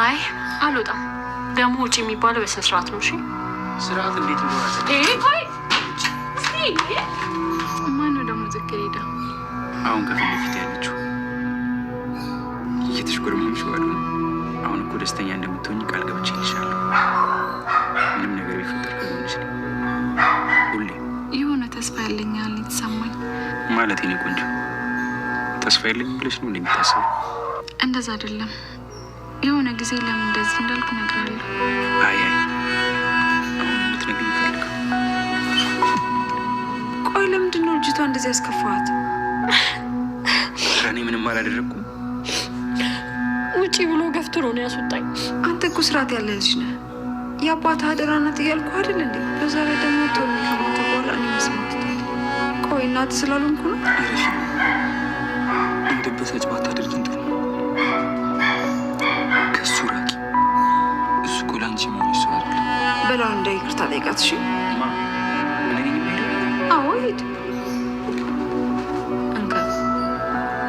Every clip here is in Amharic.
አይ አልወጣም። ደግሞ ውጭ የሚባለው በስነ ስርዓት ነው። እሺ ስርዓት እንዴት ማን ነው ደግሞ ዝክር ሄዳ አሁን ከፊት ለፊት ያለችው እየተሽጎደጎደች ዋሉ። አሁን እኮ ደስተኛ እንደምትሆኝ ቃል ገብቼ ይልሻለሁ። ምንም ነገር ቢፈጠር ይችላል። ሁሌ የሆነ ተስፋ ያለኛል የተሰማኝ ማለት ኔ ቆንጆ ተስፋ የለኝም ብለሽ ነው እንደሚታሰብ እንደዛ አይደለም የሆነ ጊዜ ለምን እንደዚህ እንዳልኩ እነግርሃለሁ። አይ ቆይ ለምንድን ነው ልጅቷ እንደዚህ ያስከፋዋት? እኔ ምንም አላደረግኩም። ውጪ ብሎ ገፍቶ ነው ያስወጣኝ። አንተ እኮ ስርዓት ያለ ልጅ ነህ። የአባት ሀደራ ናት እያልኩ አይደል እንዴ? በዛ ላይ ደግሞ ቶ ከማታ በኋላ እኔ መስማት። ቆይ እናት ስላልሆንኩ ነው እንደበሳጭ ባታደርጊ በላውን እንደ ይቅርታ ጠይቃት። እሺ አዎ ሂድ። እንካ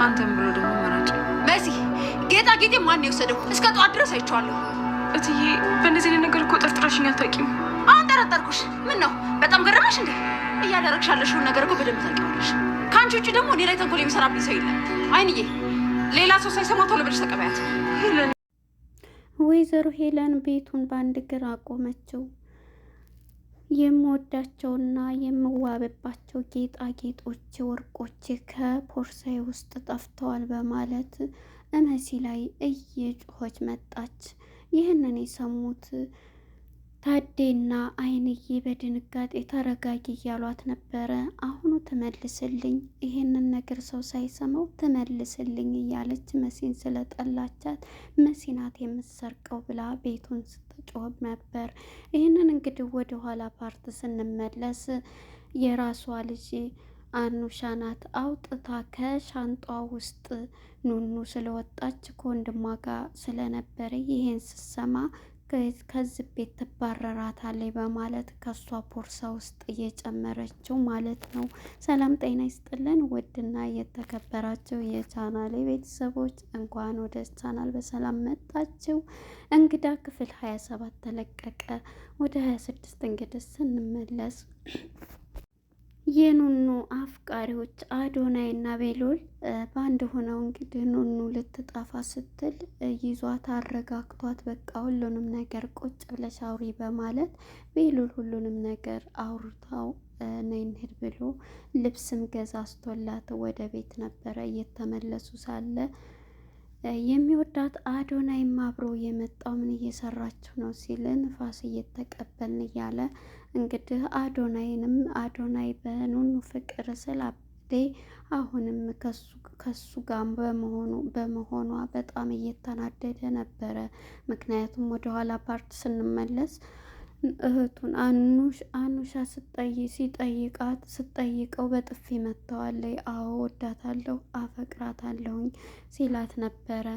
አንተም ብሎ ደግሞ መናጭ መሲ፣ ጌጣጌጤ ማን የወሰደው? እስከ ጠዋት ድረስ አይቼዋለሁ። እትዬ፣ በእነዚህ አይነት ነገር እኮ ጠርጥረሽኝ አታውቂም። አሁን ጠረጠርኩሽ። ምን ነው በጣም ገረመሽ እንዴ? እያደረግሽ ያለሽውን ነገር እኮ በደንብ ታውቂዋለሽ። ከአንቺ ውጭ ደግሞ እኔ ላይ ተንኮል የሚሰራብኝ ሰው የለም። አይንዬ፣ ሌላ ሰው ሳይሰማ ቶሎ ብለሽ ተቀበያት። ወይዘሮ ሄለን ቤቱን በአንድ እግር አቆመችው። የምወዳቸውና የምዋብባቸው ጌጣጌጦች፣ ወርቆች ከፖርሳዬ ውስጥ ጠፍተዋል በማለት እመሲ ላይ እየጮኸች መጣች። ይህንን የሰሙት ታዴና አይንዬ በድንጋጤ ተረጋጊ እያሏት ነበረ። አሁኑ ትመልስልኝ፣ ይሄንን ነገር ሰው ሳይሰማው ትመልስልኝ እያለች መሲን ስለጠላቻት መሲናት የምትሰርቀው ብላ ቤቱን ስትጮህ ነበር። ይህንን እንግዲህ ወደ ኋላ ፓርት ስንመለስ የራሷ ልጅ አኑሻ ናት አውጥታ ከሻንጧ ውስጥ ኑኑ ስለወጣች ከወንድሟ ጋር ስለነበረ ይሄን ስሰማ ከዚህ ቤት ትባረራታለች በማለት ከሷ ቦርሳ ውስጥ እየጨመረችው ማለት ነው። ሰላም ጤና ይስጥልን ውድና የተከበራችሁ የቻናል ቤተሰቦች እንኳን ወደ ቻናል በሰላም መጣችሁ። እንግዳ ክፍል 27 ተለቀቀ። ወደ 26 እንግዲህ ስንመለስ የኑኑ አፍቃሪዎች አዶናይ እና ቤሎል በአንድ ሆነው እንግዲህ ኑኑ ልትጠፋ ስትል ይዟት አረጋግቷት በቃ ሁሉንም ነገር ቁጭ ብለሽ አውሪ በማለት ቤሎል ሁሉንም ነገር አውርታው ነይ እንሂድ ብሎ ልብስም ገዝቶላት ወደ ቤት ነበረ እየተመለሱ ሳለ የሚወዳት አዶናይም አብሮ የመጣው ምን እየሰራችሁ ነው ሲል ንፋስ እየተቀበልን እያለ እንግዲህ አዶናይንም አዶናይ በኑኑ ፍቅር ስላበደ አሁንም ከሱ ጋር በመሆኑ በመሆኗ በጣም እየተናደደ ነበረ። ምክንያቱም ወደኋላ ፓርት ስንመለስ እህቱን አኑሽ አኑሻ ስጠይ ሲጠይቃት ስጠይቀው በጥፊ መጥተዋለይ። አዎ ወዳታለሁ፣ አፈቅራታለሁኝ ሲላት ነበረ።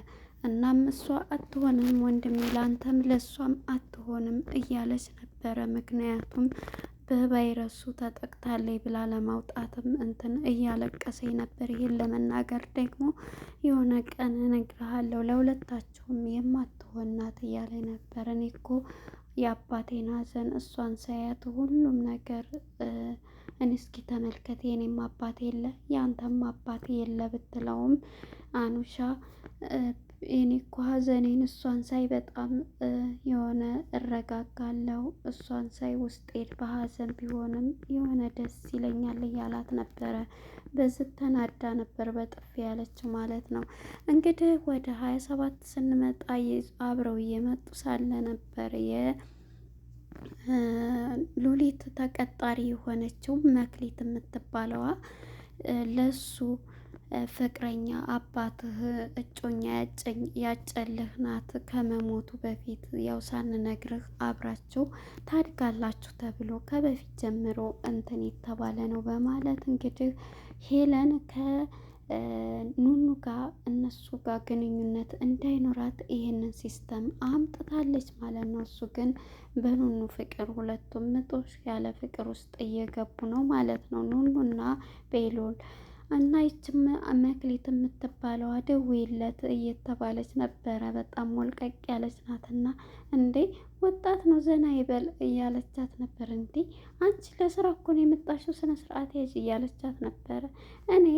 እናም እሷ አትሆንም ወንድሜ ላንተም ለእሷም አትሆንም እያለች ነበረ። ምክንያቱም በቫይረሱ ተጠቅታለች ብላ ለማውጣትም እንትን እያለቀሰኝ ነበር። ይህን ለመናገር ደግሞ የሆነ ቀን እነግርሃለሁ ለሁለታችሁም የማትሆን ናት እያለ ነበር። እኔ እኮ የአባቴን ሐዘን እሷን ሳያት ሁሉም ነገር እኔ እስኪ ተመልከት የኔም አባት የለ የአንተም አባት የለ ብትለውም አኑሻ እኔ እኮ ሀዘኔን እሷን ሳይ በጣም የሆነ እረጋጋለሁ። እሷን ሳይ ውስጤን በሀዘን ቢሆንም የሆነ ደስ ይለኛል እያላት ነበረ። በዚህ ተናዳ ነበር በጥፊ ያለችው ማለት ነው። እንግዲህ ወደ ሀያ ሰባት ስንመጣ አብረው እየመጡ ሳለ ነበር ሉሊት ተቀጣሪ የሆነችው መክሊት የምትባለዋ ለሱ ፍቅረኛ፣ አባትህ፣ እጮኛ ያጨልህ ናት ከመሞቱ በፊት ያው ሳንነግርህ አብራችሁ ታድጋላችሁ ተብሎ ከበፊት ጀምሮ እንትን የተባለ ነው በማለት እንግዲህ ሄለን ከኑኑ ጋር እነሱ ጋር ግንኙነት እንዳይኖራት ይህንን ሲስተም አምጥታለች ማለት ነው። እሱ ግን በኑኑ ፍቅር ሁለቱም ምጦሽ ያለ ፍቅር ውስጥ እየገቡ ነው ማለት ነው ኑኑና ቤሎል እና ይች መክሊት የምትባለዋ ደውይለት እየተባለች ነበረ። በጣም ሞልቀቅ ያለች ናትና እንዴ ወጣት ነው ዘና ይበል እያለቻት ነበር። እንዴ አንቺ ለስራ እኮ ነው የመጣሽው፣ ስነ ስርዓት ያዥ እያለቻት ነበረ። እኔ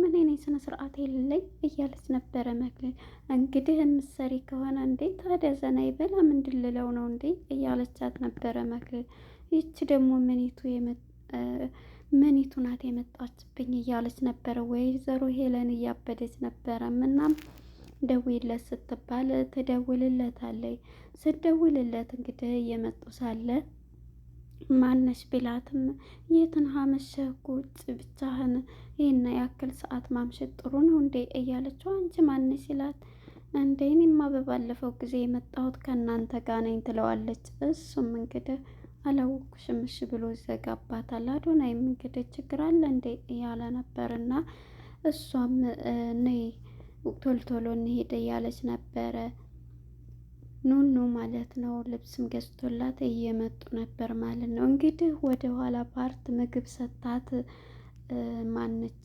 ምን እኔ ስነ ስርዓት የለኝ እያለች ነበረ መክሊት። እንግዲህ የምትሰሪ ከሆነ እንዴ ታዲያ ዘና ይበል ምንድን ልለው ነው እንዴ እያለቻት ነበረ መክሊት። ይቺ ደግሞ ምኔቱ ምኒቱ ናት የመጣችብኝ እያለች ነበረ። ወይዘሮ ሄለን እያበደች ነበረ። ምናም ደውይለት ስትባል ትደውልለታለች። ስደውልለት እንግዲህ እየመጡ ሳለ ማነሽ ቢላትም የትን ሀመሸህ ቁጭ ብቻህን ይህን ያክል ሰዓት ማምሸት ጥሩ ነው እንዴ እያለችው አንቺ ማነሽ ይላት እንዴ እኔማ በባለፈው ጊዜ የመጣሁት ከእናንተ ጋር ነኝ ትለዋለች። እሱም እንግዲህ አላወኩሽም እሺ ብሎ ይዘጋባታል። አዶናይም እንግዲህ ችግር አለ እንዴ እያለ ነበርና እሷም ነይ ቶልቶሎ ቶሎ እንሄድ እያለች ነበረ። ኑኑ ማለት ነው ልብስም ገዝቶላት እየመጡ ነበር ማለት ነው። እንግዲህ ወደ ኋላ ፓርት ምግብ ሰታት ማነች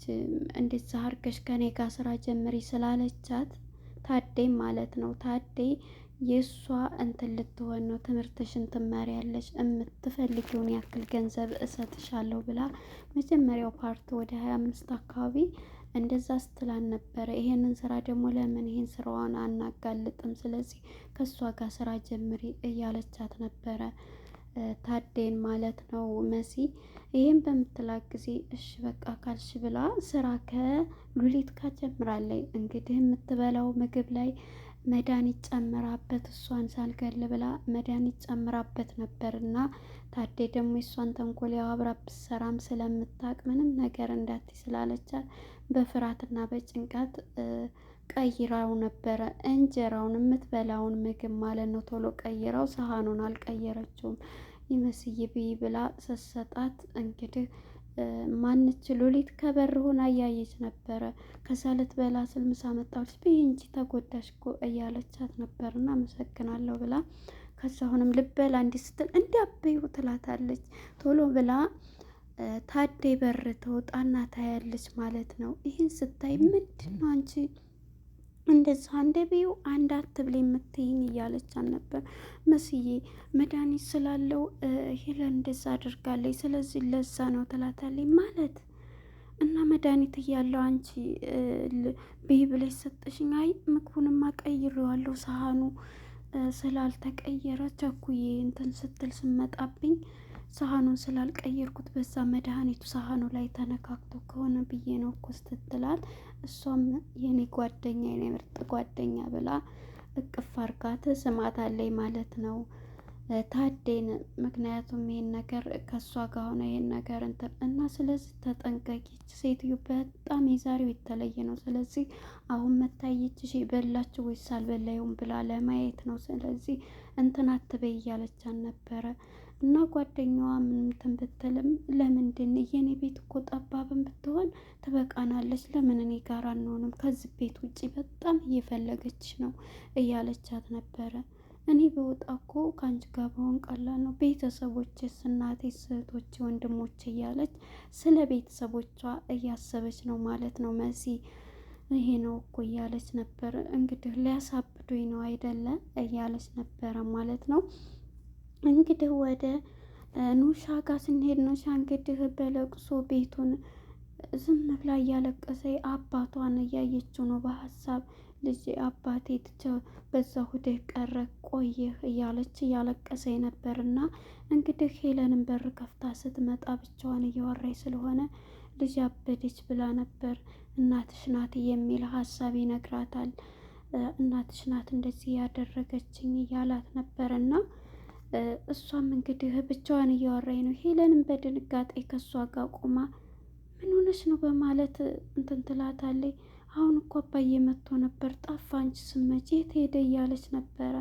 እንዴት ዛሀር ከኔ ጋር ስራ ጀምሪ ስላለቻት ታዴ ማለት ነው ታዴ የእሷ እንትን ልትሆን ነው። ትምህርትሽን ትማሪያለሽ፣ የምትፈልጊውን ያክል ገንዘብ እሰጥሻለሁ ብላ መጀመሪያው ፓርት ወደ ሀያ አምስት አካባቢ እንደዛ ስትላን ነበረ። ይሄንን ስራ ደግሞ ለምን ይሄን ስራዋን አናጋልጥም፣ ስለዚህ ከእሷ ጋር ስራ ጀምሪ እያለቻት ነበረ ታዴን ማለት ነው መሲ። ይሄን በምትላት ጊዜ እሺ በቃ ካልሽ ብላ ስራ ከሉሊት ጋር ጀምራለች። እንግዲህ የምትበላው ምግብ ላይ መድኃኒት ጨምራበት እሷን ሳልገል ብላ መድኃኒት ጨምራበት ነበርና ታዴ ደግሞ የእሷን ተንኮል ያዋብራ ብትሰራም ስለምታቅ ምንም ነገር እንዳት ስላለቻት በፍርሃትና በጭንቀት ቀይራው ነበረ። እንጀራውን የምትበላውን ምግብ ማለት ነው። ቶሎ ቀይራው ሰሃኑን አልቀየረችውም። ይመስይ ብይ ብላ ሰሰጣት እንግዲህ ማነች ሎሊት ከበር ሆና እያየች ነበረ። ከዛ ልትበላ ስል ምሳ መጣች ብዬ እንጂ ተጎዳሽ እኮ እያለቻት ነበርና አመሰግናለሁ ብላ ከዛ አሁንም ልበላ እንዲህ ስትል እንዲ አበይ ትላታለች። ቶሎ ብላ ታዴ በር ተወጣና ታያለች ማለት ነው። ይህን ስታይ ምንድን ነው አንቺ እንደዛ አንዴ ቢዩ አንድ አትብል የምትይኝ እያለቻን ነበር። መስዬ መድኃኒት ስላለው ሄለን እንደዛ አድርጋለች፣ ስለዚህ ለዛ ነው ትላታለች ማለት እና መድኃኒት እያለው አንቺ ብይ ብለሽ ሰጠሽኝ። አይ ምግቡንማ ቀይሬዋለሁ ሳህኑ ስላልተቀየረ ቸኩዬ እንትን ስትል ስመጣብኝ ሳህኑን ስላልቀየርኩት በዛ መድኃኒቱ ሳህኑ ላይ ተነካክቶ ከሆነ ብዬ ነው እኮ ስትትላት እሷም የኔ ጓደኛ የኔ ምርጥ ጓደኛ ብላ እቅፍ አርጋ ትስማታለች ማለት ነው ታዴን። ምክንያቱም ይሄን ነገር ከእሷ ጋር ሆነ ይሄን ነገር እንትን እና ስለዚህ ተጠንቀቂ። ሴትዮ በጣም የዛሬው የተለየ ነው። ስለዚህ አሁን መታየች ሺ በላችሁ ወይስ አልበላዩም ብላ ለማየት ነው። ስለዚህ እንትን አትበይ እያለቻን ነበረ እና ጓደኛዋ ምንም ትንብትልም ለምንድን የኔ ቤት እኮ ጠባብን ብትሆን ትበቃናለች፣ ለምን እኔ ጋር አንሆንም? ከዚህ ቤት ውጭ በጣም እየፈለገች ነው እያለቻት ነበረ። እኔ በወጣ እኮ ከአንቺ ጋር በሆን ቀላል ነው፣ ቤተሰቦችስ፣ እናቴ፣ እህቶቼ፣ ወንድሞቼ እያለች ስለ ቤተሰቦቿ እያሰበች ነው ማለት ነው መሲ ይሄ ነው እኮ እያለች ነበር። እንግዲህ ሊያሳብዱኝ ነው አይደለ እያለች ነበረ ማለት ነው። እንግዲህ ወደ ኑሻ ጋር ስንሄድ ኑሻ እንግዲህ በለቅሶ ቤቱን ዝም ብላ እያለቀሰ አባቷን እያየችው ነው በሀሳብ ልጅ አባቴ ትቸ በዛ ሁደህ ቀረ ቆየህ እያለች እያለቀሰ ነበርና እንግዲህ ሄለንን በር ከፍታ ስትመጣ ብቻዋን እያወራኝ ስለሆነ ልጅ አበደች ብላ ነበር እናትሽ ናት የሚል ሀሳብ ይነግራታል። እናትሽ ናት እንደዚህ ያደረገችኝ እያላት ነበርና እሷም እንግዲህ ብቻዋን እያወራኝ ነው። ሄለንም በድንጋጤ ከእሷ ጋር ቆማ ምን ሆነች ነው በማለት እንትን ትላታለች። አሁን እኮ አባዬ መጥቶ ነበር ጠፋ፣ አንቺ ስመጪ የት ሄደ እያለች ነበረ።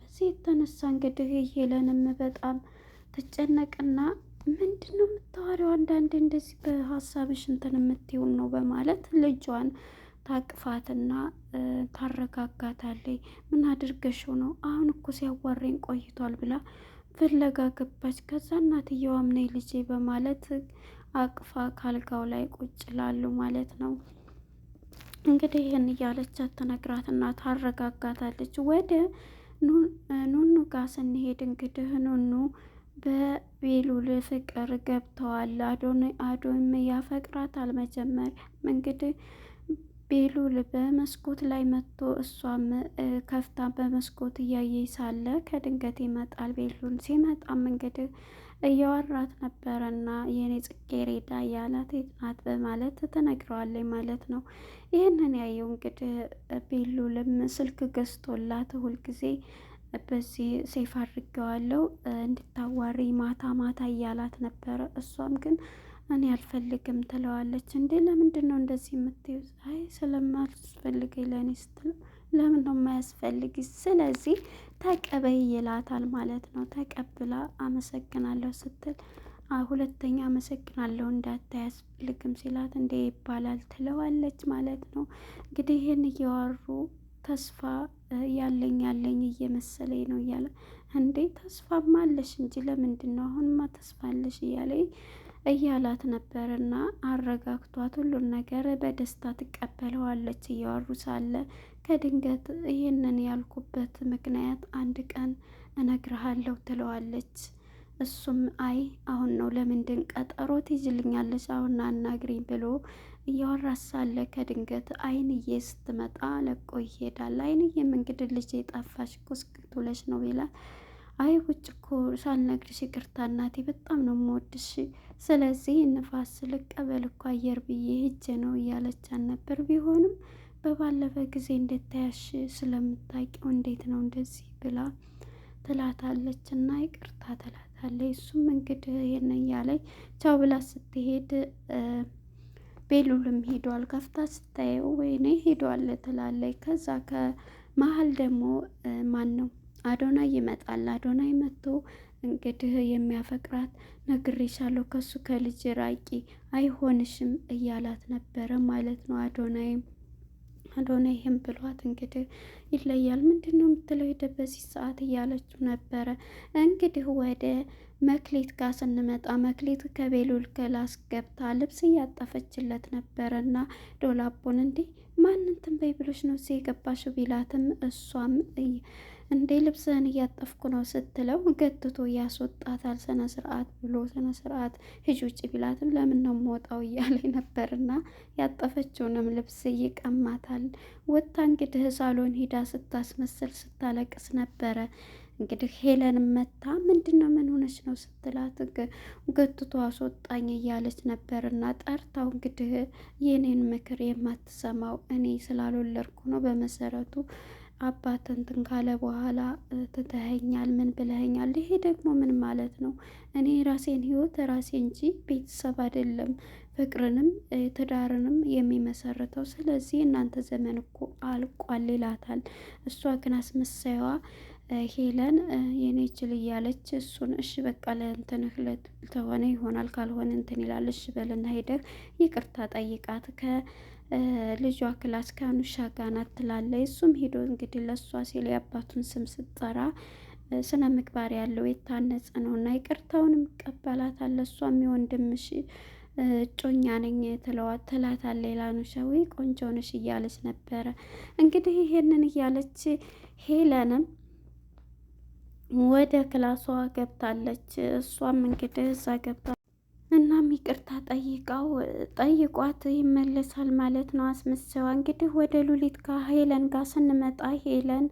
በዚህ የተነሳ እንግዲህ ሄለንም በጣም ትጨነቅና ምንድን ነው የምታወሪው? አንዳንዴ እንደዚህ በሀሳብሽ እንትን የምትይውን ነው በማለት ልጇን ታቅፋትና ታረጋጋታለች። ምን አድርገሽው ነው አሁን እኮ ሲያዋራኝ ቆይቷል ብላ ፍለጋ ገባች። ከዛ እናትየዋም ነይ ልጄ በማለት አቅፋ ካልጋው ላይ ቁጭ ላሉ ማለት ነው። እንግዲህ ይህን እያለቻት ትነግራትና ታረጋጋታለች። ወደ ኑኑ ጋር ስንሄድ እንግዲህ ኑኑ በቤሉል ፍቅር ገብተዋል። አዶ ያፈቅራታል መጀመሪያ እንግዲህ ቤሉል በመስኮት ላይ መጥቶ እሷም ከፍታ በመስኮት እያየ ሳለ ከድንገት ይመጣል። ቤሉል ሲመጣም እንግዲህ እያወራት ነበረና የኔ ጽጌሬዳ ያላት ናት በማለት ትነግረዋለች ማለት ነው። ይህንን ያየው እንግዲህ ቤሉልም ስልክ ገዝቶላት ሁልጊዜ በዚህ ሴፍ አድርገዋለው እንድታዋሪ ማታ ማታ እያላት ነበረ። እሷም ግን እኔ አልፈልግም ትለዋለች። እንዴ ለምንድን ነው እንደዚህ የምትይው? አይ ስለማያስፈልገኝ ለእኔ ስትለው ለምን ነው የማያስፈልግ? ስለዚህ ተቀበይ ይላታል ማለት ነው። ተቀብላ አመሰግናለሁ ስትል ሁለተኛ አመሰግናለሁ እንዳታ ያስፈልግም ሲላት እንዴ ይባላል ትለዋለች ማለት ነው። እንግዲህ ይህን እያወሩ ተስፋ ያለኝ ያለኝ እየመሰለኝ ነው እያለ እንዴ ተስፋማ አለሽ እንጂ ለምንድን ነው አሁንማ ተስፋ አለሽ እያለኝ እያላት ነበርና አረጋግቷት ሁሉን ነገር በደስታ ትቀበለዋለች። እያወሩ ሳለ ከድንገት ይህንን ያልኩበት ምክንያት አንድ ቀን እነግርሃለሁ ትለዋለች። እሱም አይ አሁን ነው ለምንድን ቀጠሮ ትይዝልኛለች? አሁን አናግሪኝ ብሎ እያወራ ሳለ ከድንገት አይንዬ ስትመጣ ለቆ ይሄዳል። አይንዬም እንግዲህ ልጄ ጠፋሽ ኩስክቱለሽ ነው ይላል። አይ ውጭ እኮ ሳልነግርሽ ይቅርታ እናቴ፣ በጣም ነው የምወድሽ። ስለዚህ ንፋስ ልቀበል እኮ አየር ብዬ ሂጄ ነው እያለች ነበር። ቢሆንም በባለፈ ጊዜ እንደታያሽ ስለምታውቂው እንዴት ነው እንደዚህ ብላ ትላታለች እና ይቅርታ ትላታለች። እሱም እንግዲህ ይሄን እያለኝ ቻው ብላ ስትሄድ ቤሉልም ሄዷል። ከፍታ ስታየው ወይኔ ሄዷል ትላለች። ከዛ ከመሀል ደግሞ ማን ነው አዶናይ ይመጣል። አዶናይ መጥቶ እንግዲህ የሚያፈቅራት ነግሬሻለሁ፣ ከሱ ከልጅ ራቂ፣ አይሆንሽም እያላት ነበረ ማለት ነው። አዶናይም አዶና ይህም ብሏት እንግዲህ ይለያል። ምንድን ነው የምትለው ሄደ በዚህ ሰዓት እያለችው ነበረ። እንግዲህ ወደ መክሌት ጋር ስንመጣ መክሌት ከቤሉል ክላስ ገብታ ልብስ እያጠፈችለት ነበረና ዶላቦን እንዲህ ማንንትን በይ ብሎች ነው እዚህ የገባሽው ቢላትም እሷም እንዴ ልብስህን እያጠፍኩ ነው ስትለው ገትቶ ያስወጣታል። ስነ ስርዓት ብሎ ስነ ስርዓት ሂጅ ውጭ ቢላትም ለምን ነው መውጣው እያለ ነበርና ያጠፈችውንም ልብስ ይቀማታል። ወጥታ እንግዲህ ሳሎን ሂዳ ስታስመስል ስታለቅስ ነበረ። እንግዲህ ሄለን መታ ምንድን ነው ምን ሆነች ነው ስትላት ገትቶ አስወጣኝ እያለች ነበር እና ጠርታው እንግዲህ የኔን ምክር የማትሰማው እኔ ስላልወለድኩ ነው በመሰረቱ አባት እንትን ካለ በኋላ ትተኸኛል፣ ምን ብለኸኛል? ይሄ ደግሞ ምን ማለት ነው? እኔ ራሴን ህይወት ራሴ እንጂ ቤተሰብ አይደለም ፍቅርንም ትዳርንም የሚመሰረተው። ስለዚህ እናንተ ዘመን እኮ አልቋል ይላታል። እሷ ግን አስመሳይዋ ሄለን የኔ ችል እያለች እሱን እሺ በቃ ለእንትንህ ለተሆነ ይሆናል ካልሆነ እንትን ይላል። እሺ በልና ሄደህ ይቅርታ ጠይቃት ከ ልጇ ክላስ ከአኑሻ ጋር ናት ትላለች። እሱም ሄዶ እንግዲህ ለእሷ ሲል የአባቱን ስም ስጠራ ስነ ምግባር ያለው የታነጸ ነው እና ይቅርታውንም እቀበላታለሁ እሷም የወንድምሽ እጮኛ ነኝ ትለዋት ትላታለች። ሌላኑሻ ወይ ቆንጆ ነሽ እያለች ነበረ እንግዲህ ይሄንን እያለች ሄለንም ወደ ክላሷ ገብታለች። እሷም እንግዲህ እዛ ገብታ እናም ይቅርታ ጠይቃው ጠይቋት ይመለሳል ማለት ነው። አስመስዋ። እንግዲህ ወደ ሉሊት ጋ ሄለን ጋር ስንመጣ ሄለን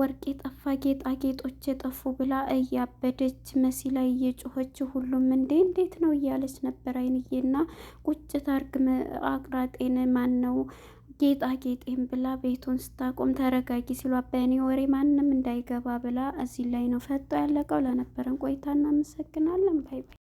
ወርቅ የጠፋ ጌጣጌጦች የጠፉ ብላ እያበደች መሲ ላይ እየጮኸች ሁሉም እንዴ እንዴት ነው እያለች ነበር። አይንዬና ቁጭት አርግ አቅራጤን ማን ነው ጌጣጌጤን ብላ ቤቱን ስታቆም ተረጋጊ ሲሉ በእኔ ወሬ ማንም እንዳይገባ ብላ እዚህ ላይ ነው ፈጦ ያለቀው። ለነበረን ቆይታ እናመሰግናለን። ባይ ባይ።